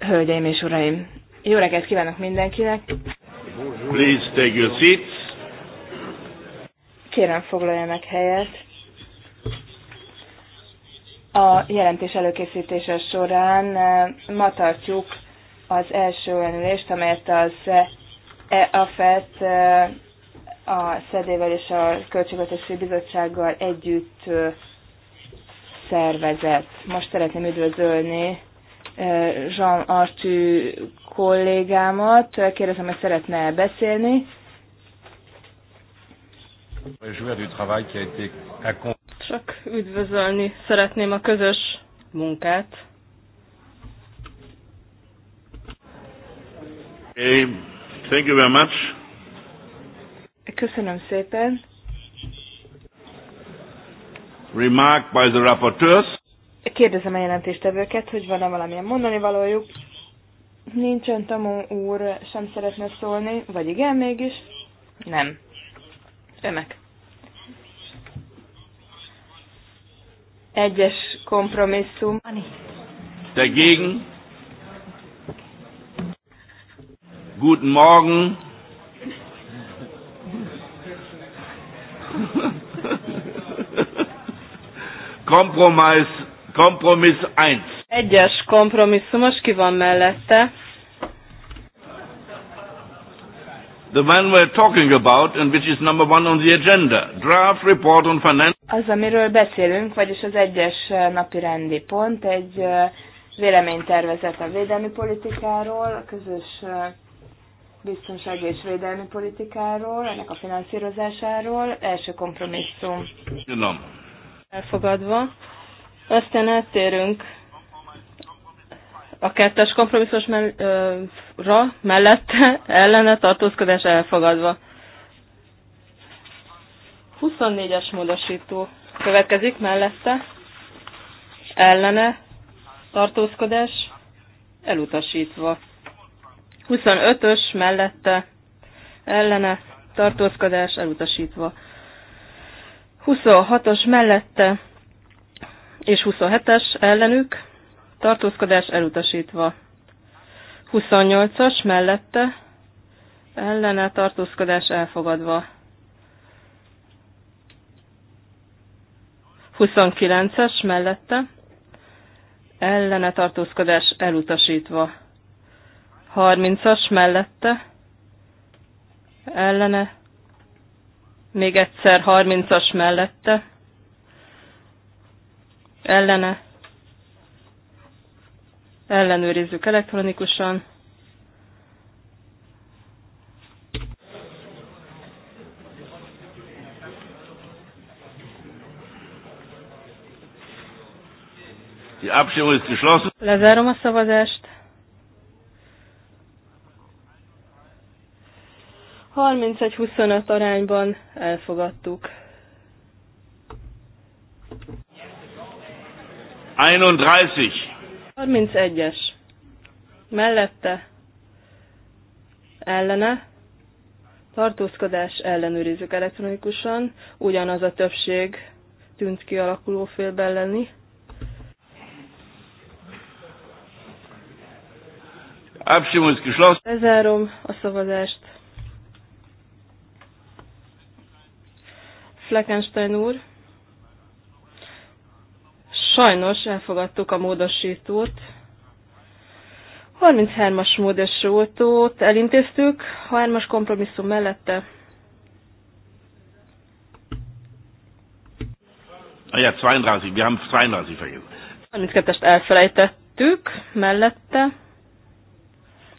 Hölgyeim és uraim, jó reggelt kívánok mindenkinek. Please take your seats. Kérem foglaljanak helyet. A jelentés előkészítése során eh, ma tartjuk az első olyan ülést, amelyet az EAFET eh, a szedével és a Költségvetési Bizottsággal együtt eh, szervezet. Most szeretném üdvözölni Jean Artu kollégámat. Kérdezem, hogy szeretne beszélni. Csak üdvözölni szeretném a közös munkát. thank you very much. Köszönöm szépen remark by the rapporteurs. Kérdezem a jelentéstevőket, hogy van-e valamilyen mondani valójuk. ön Tamó úr, sem szeretne szólni, vagy igen mégis? Nem. Ömek. Egyes kompromisszum. Dagegen. Guten Morgen. Kompromiss, kompromiss 1. Egyes kompromisszumos, ki van mellette? The one we're talking about, and which is number one on the agenda, draft report on financial... Az, amiről beszélünk, vagyis az egyes napi rendi pont, egy véleménytervezet a védelmi politikáról, a közös biztonsági és védelmi politikáról, ennek a finanszírozásáról, első kompromisszum. Tudom. Elfogadva. Aztán áttérünk a kettes kompromisszos mell- ra, mellette ellene tartózkodás elfogadva. 24-es módosító következik mellette ellene tartózkodás elutasítva. 25-ös mellette ellene tartózkodás elutasítva. 26-os mellette és 27-es ellenük tartózkodás elutasítva. 28-as mellette ellene tartózkodás elfogadva. 29-es mellette ellene tartózkodás elutasítva. 30-as mellette ellene még egyszer 30-as mellette, ellene, ellenőrizzük elektronikusan. Lezárom a szavazást. 31-25 arányban elfogadtuk. 31. 31-es. Mellette. Ellene. Tartózkodás ellenőrizzük elektronikusan. Ugyanaz a többség tűnt ki alakuló félben lenni. Abstimmung ist geschlossen. Lezárom a szavazást. Fleckenstein úr. Sajnos elfogadtuk a módosítót. 33-as módosítót elintéztük, 3-as kompromisszum mellette. Ah ja, 32, wir haben 32 vergessen. 32-est elfelejtettük, mellette,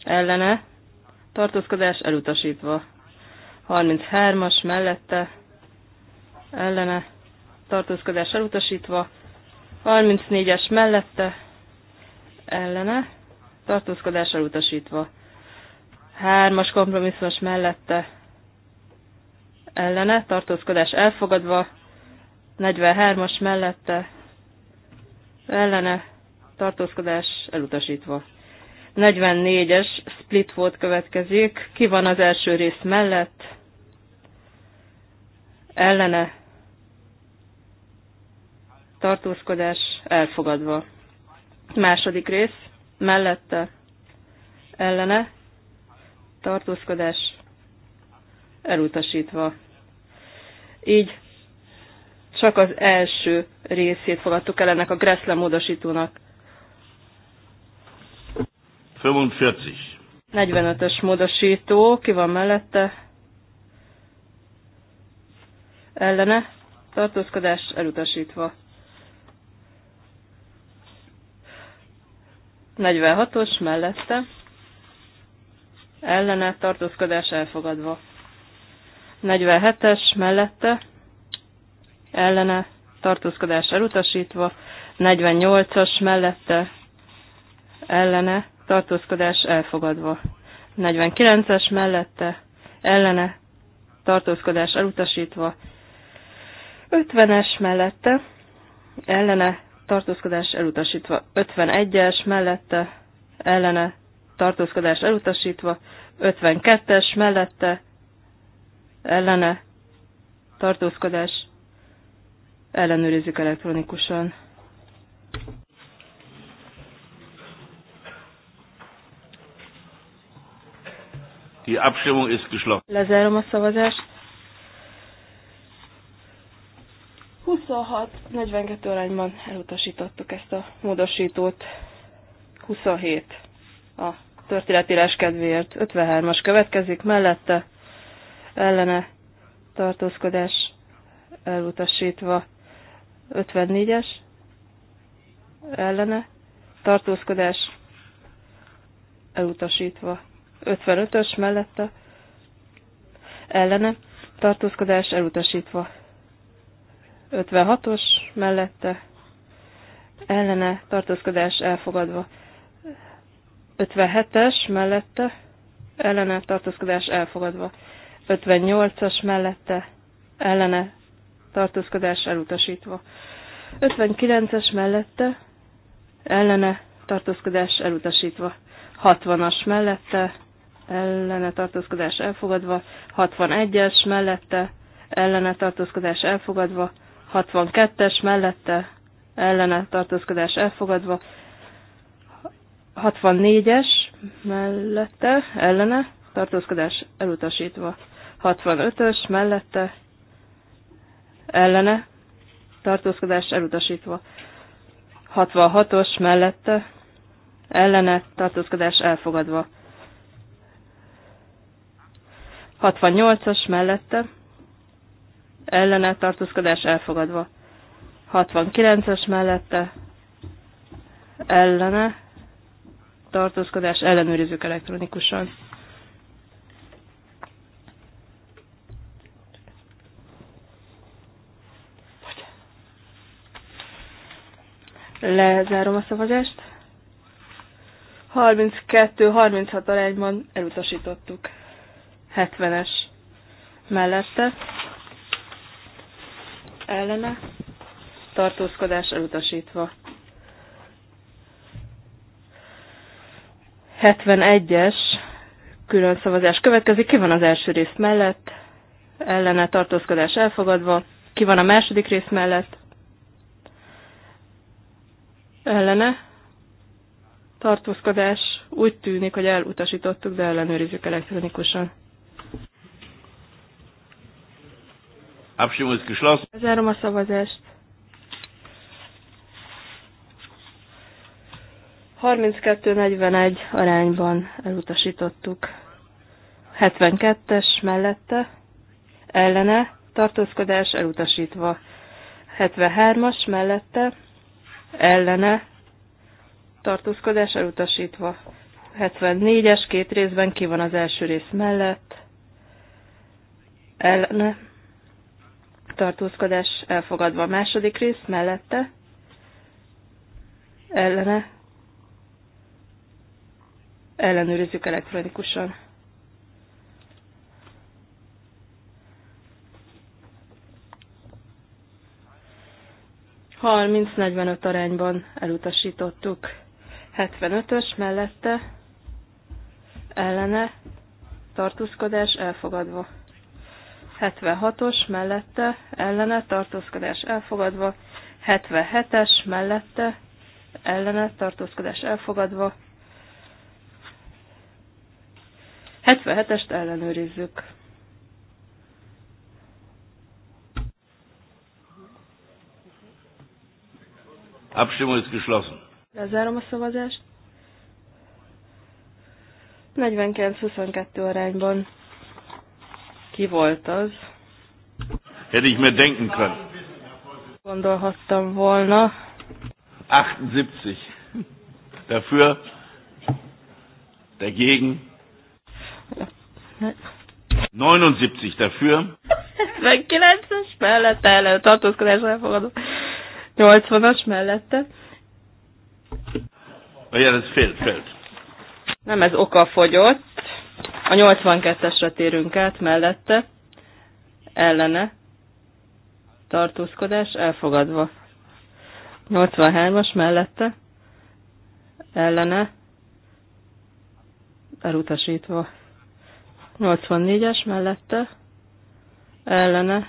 ellene, tartózkodás elutasítva. 33-as mellette, ellene tartózkodás elutasítva, 34-es mellette ellene tartózkodás elutasítva, 3-as kompromisszumos mellette ellene tartózkodás elfogadva, 43-as mellette ellene tartózkodás elutasítva. 44-es split volt következik. Ki van az első rész mellett? Ellene tartózkodás elfogadva. Második rész mellette ellene tartózkodás elutasítva. Így csak az első részét fogadtuk el ennek a Gressle módosítónak. 45. ös módosító, ki van mellette? Ellene, tartózkodás elutasítva. 46-os mellette ellene tartózkodás elfogadva. 47-es mellette ellene tartózkodás elutasítva. 48-as mellette ellene tartózkodás elfogadva. 49-es mellette ellene tartózkodás elutasítva. 50-es mellette ellene tartózkodás elutasítva. 51-es mellette ellene tartózkodás elutasítva. 52-es mellette ellene tartózkodás ellenőrizzük elektronikusan. Die Abstimmung ist geschlossen. Lezárom a szavazást. 26-42 arányban elutasítottuk ezt a módosítót. 27 a történetírás kedvéért. 53-as következik, mellette ellene tartózkodás elutasítva. 54-es ellene tartózkodás elutasítva. 55-ös mellette ellene tartózkodás elutasítva. 56-os mellette ellene tartózkodás elfogadva. 57-es mellette ellene tartózkodás elfogadva. 58-as mellette ellene tartózkodás elutasítva. 59-es mellette ellene tartózkodás elutasítva. 60-as mellette ellene tartózkodás elfogadva. 61-es mellette ellene tartózkodás elfogadva. 62-es mellette ellene tartózkodás elfogadva, 64-es mellette ellene tartózkodás elutasítva, 65-ös mellette ellene tartózkodás elutasítva, 66-os mellette ellene tartózkodás elfogadva, 68-as mellette ellene tartózkodás elfogadva. 69-es mellette ellene tartózkodás ellenőrizzük elektronikusan. Lezárom a szavazást. 32-36 arányban elutasítottuk. 70-es mellette ellene, tartózkodás elutasítva. 71-es külön szavazás következik. Ki van az első rész mellett? Ellene tartózkodás elfogadva. Ki van a második rész mellett? Ellene tartózkodás. Úgy tűnik, hogy elutasítottuk, de ellenőrizzük elektronikusan. Abstimmung ist geschlossen. Zárom a szavazást. 32-41 arányban elutasítottuk. 72-es mellette, ellene, tartózkodás elutasítva. 73-as mellette, ellene, tartózkodás elutasítva. 74-es két részben ki van az első rész mellett, ellene, tartózkodás elfogadva. Második rész mellette ellene ellenőrizzük elektronikusan. Harminc 45 arányban elutasítottuk. 75-ös mellette ellene tartózkodás elfogadva. 76-os mellette ellene tartózkodás elfogadva, 77-es mellette ellene tartózkodás elfogadva, 77-est ellenőrizzük. Abstimmung ist geschlossen. Lezárom a szavazást. 49-22 arányban ki volt az? Hätte ich mir denken können. Gondolhattam volna. 78. Dafür, dagegen. 79 dafür. 79-es mellette előtt tartózkodás elfogadó. 80-as mellette. Oh, ja, yeah, ez fél, fél. Nem, ez oka fogyott. A 82-esre térünk át, mellette, ellene, tartózkodás, elfogadva. 83-as mellette, ellene, elutasítva. 84-es mellette, ellene,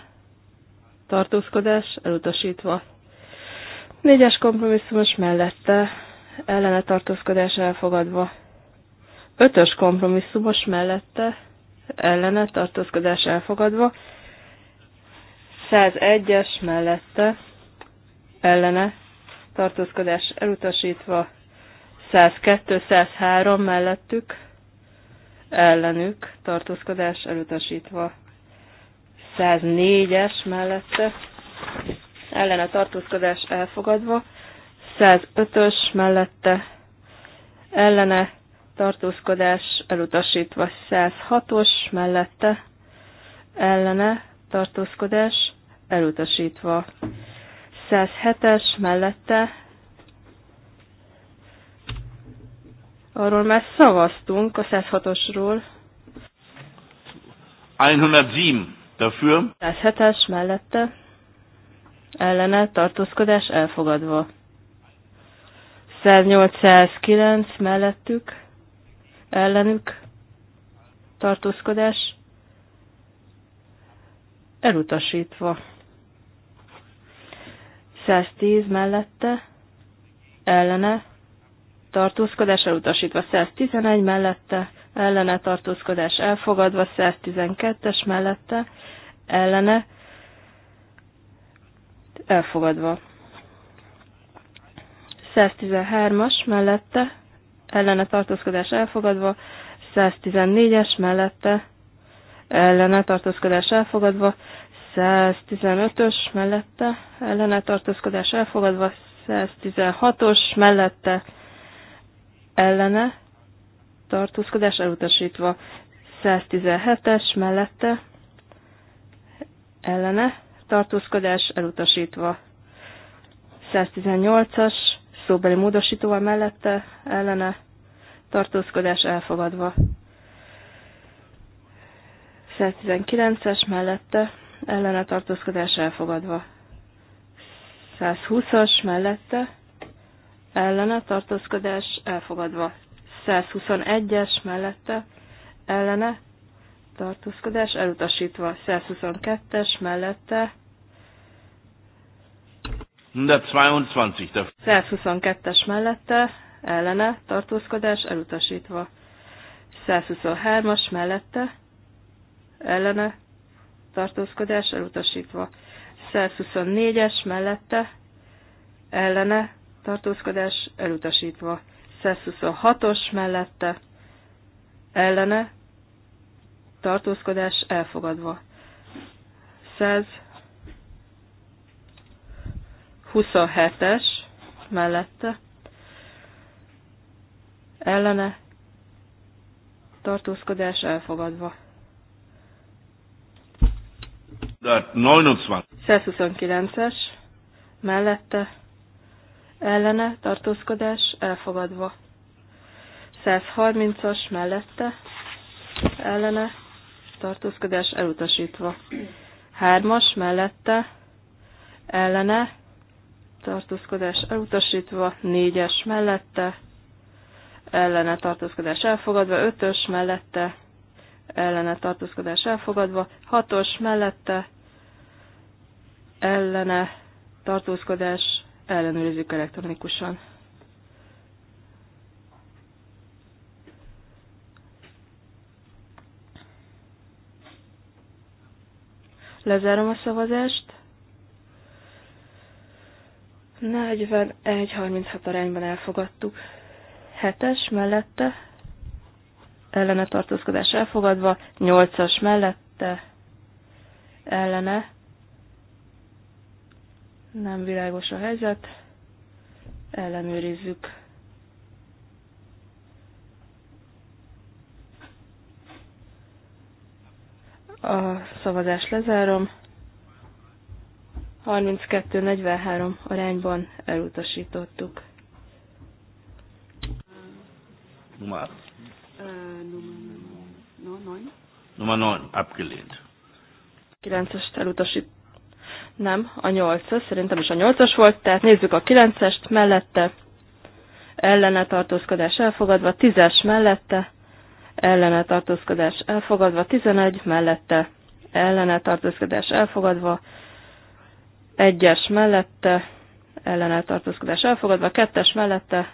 tartózkodás, elutasítva. 4-es kompromisszumos mellette, ellene tartózkodás elfogadva. Ötös kompromisszumos mellette ellene tartózkodás elfogadva. 101-es mellette ellene tartózkodás elutasítva. 102-103 mellettük ellenük tartózkodás elutasítva. 104-es mellette ellene tartózkodás elfogadva. 105-ös mellette ellene tartózkodás elutasítva 106-os mellette ellene tartózkodás elutasítva 107-es mellette arról már szavaztunk a 106-osról 107 dafür 107-es mellette ellene tartózkodás elfogadva 1809 mellettük ellenük tartózkodás elutasítva. 110 mellette ellene tartózkodás elutasítva, 111 mellette ellene tartózkodás elfogadva, 112-es mellette ellene elfogadva. 113-as mellette ellene tartózkodás elfogadva, 114-es mellette ellene tartózkodás elfogadva, 115-ös mellette ellene tartózkodás elfogadva, 116-os mellette ellene tartózkodás elutasítva, 117-es mellette ellene tartózkodás elutasítva, 118-as szóbeli módosítóval mellette ellene tartózkodás elfogadva. 119-es mellette ellene tartózkodás elfogadva. 120-as mellette ellene tartózkodás elfogadva. 121-es mellette ellene tartózkodás elutasítva. 122-es mellette 122. 122-es mellette, ellene, tartózkodás elutasítva. 123-as mellette, ellene, tartózkodás elutasítva. 124-es mellette, ellene, tartózkodás elutasítva. 126-os mellette, ellene, tartózkodás elfogadva. 100 27-es mellette ellene tartózkodás elfogadva. 129-es mellette ellene tartózkodás elfogadva. 130-as mellette ellene tartózkodás elutasítva. 3-as mellette ellene tartózkodás elutasítva, négyes mellette, ellene tartózkodás elfogadva, ötös mellette, ellene tartózkodás elfogadva, hatos mellette, ellene tartózkodás ellenőrizzük elektronikusan. Lezárom a szavazást. 41-36 arányban elfogadtuk. 7-es mellette ellene tartózkodás elfogadva, 8-as mellette ellene nem világos a helyzet, ellenőrizzük. A szavazást lezárom. 32-43 arányban elutasítottuk. Numar. Numar 9 abgelehnt. 9 es elutasít. Nem, a 8-as, szerintem is a 8-as volt, tehát nézzük a 9-est, mellette ellene tartózkodás elfogadva, 10-es mellette ellene tartózkodás elfogadva, 11 mellette ellene tartózkodás elfogadva, egyes mellette ellene tartózkodás elfogadva, kettes mellette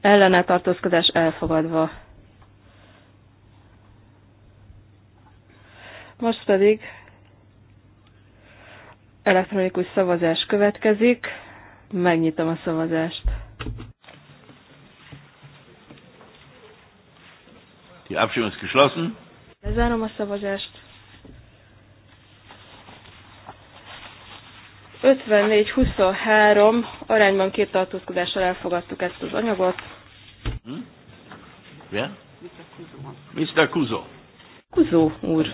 ellene tartózkodás elfogadva. Most pedig elektronikus szavazás következik. Megnyitom a szavazást. Die Abstimmung ist geschlossen. Lezárom a szavazást. 54-23 arányban két tartózkodással elfogadtuk ezt az anyagot. Hmm? Yeah? Mr. Kuzo. Kuzo úr.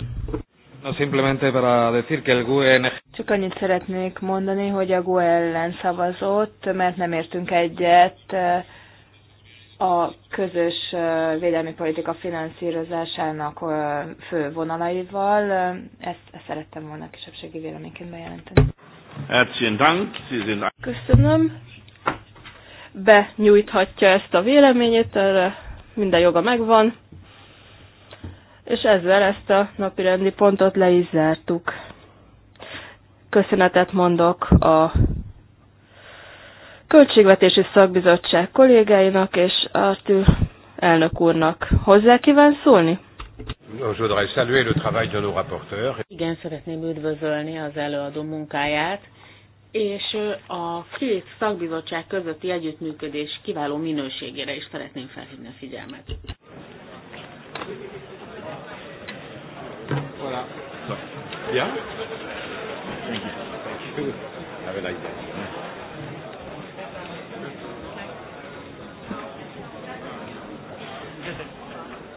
No, simplemente para decir que el GUEN... E Csak annyit szeretnék mondani, hogy a GUE ellen szavazott, mert nem értünk egyet eh, a közös eh, védelmi politika finanszírozásának eh, fő vonalaival. Ezt, ezt szerettem volna kisebbségi véleményként bejelenteni. Herzlichen Dank. Sie sind Köszönöm. Benyújthatja ezt a véleményét, erre minden joga megvan. És ezzel ezt a napirendi pontot le is zártuk. Köszönetet mondok a Költségvetési Szakbizottság kollégáinak és Artű elnök úrnak. Hozzá kíván szólni? Igen, szeretném üdvözölni az előadó munkáját, és a két szakbizottság közötti együttműködés kiváló minőségére is szeretném felhívni a figyelmet. Voilà. Bien. Have a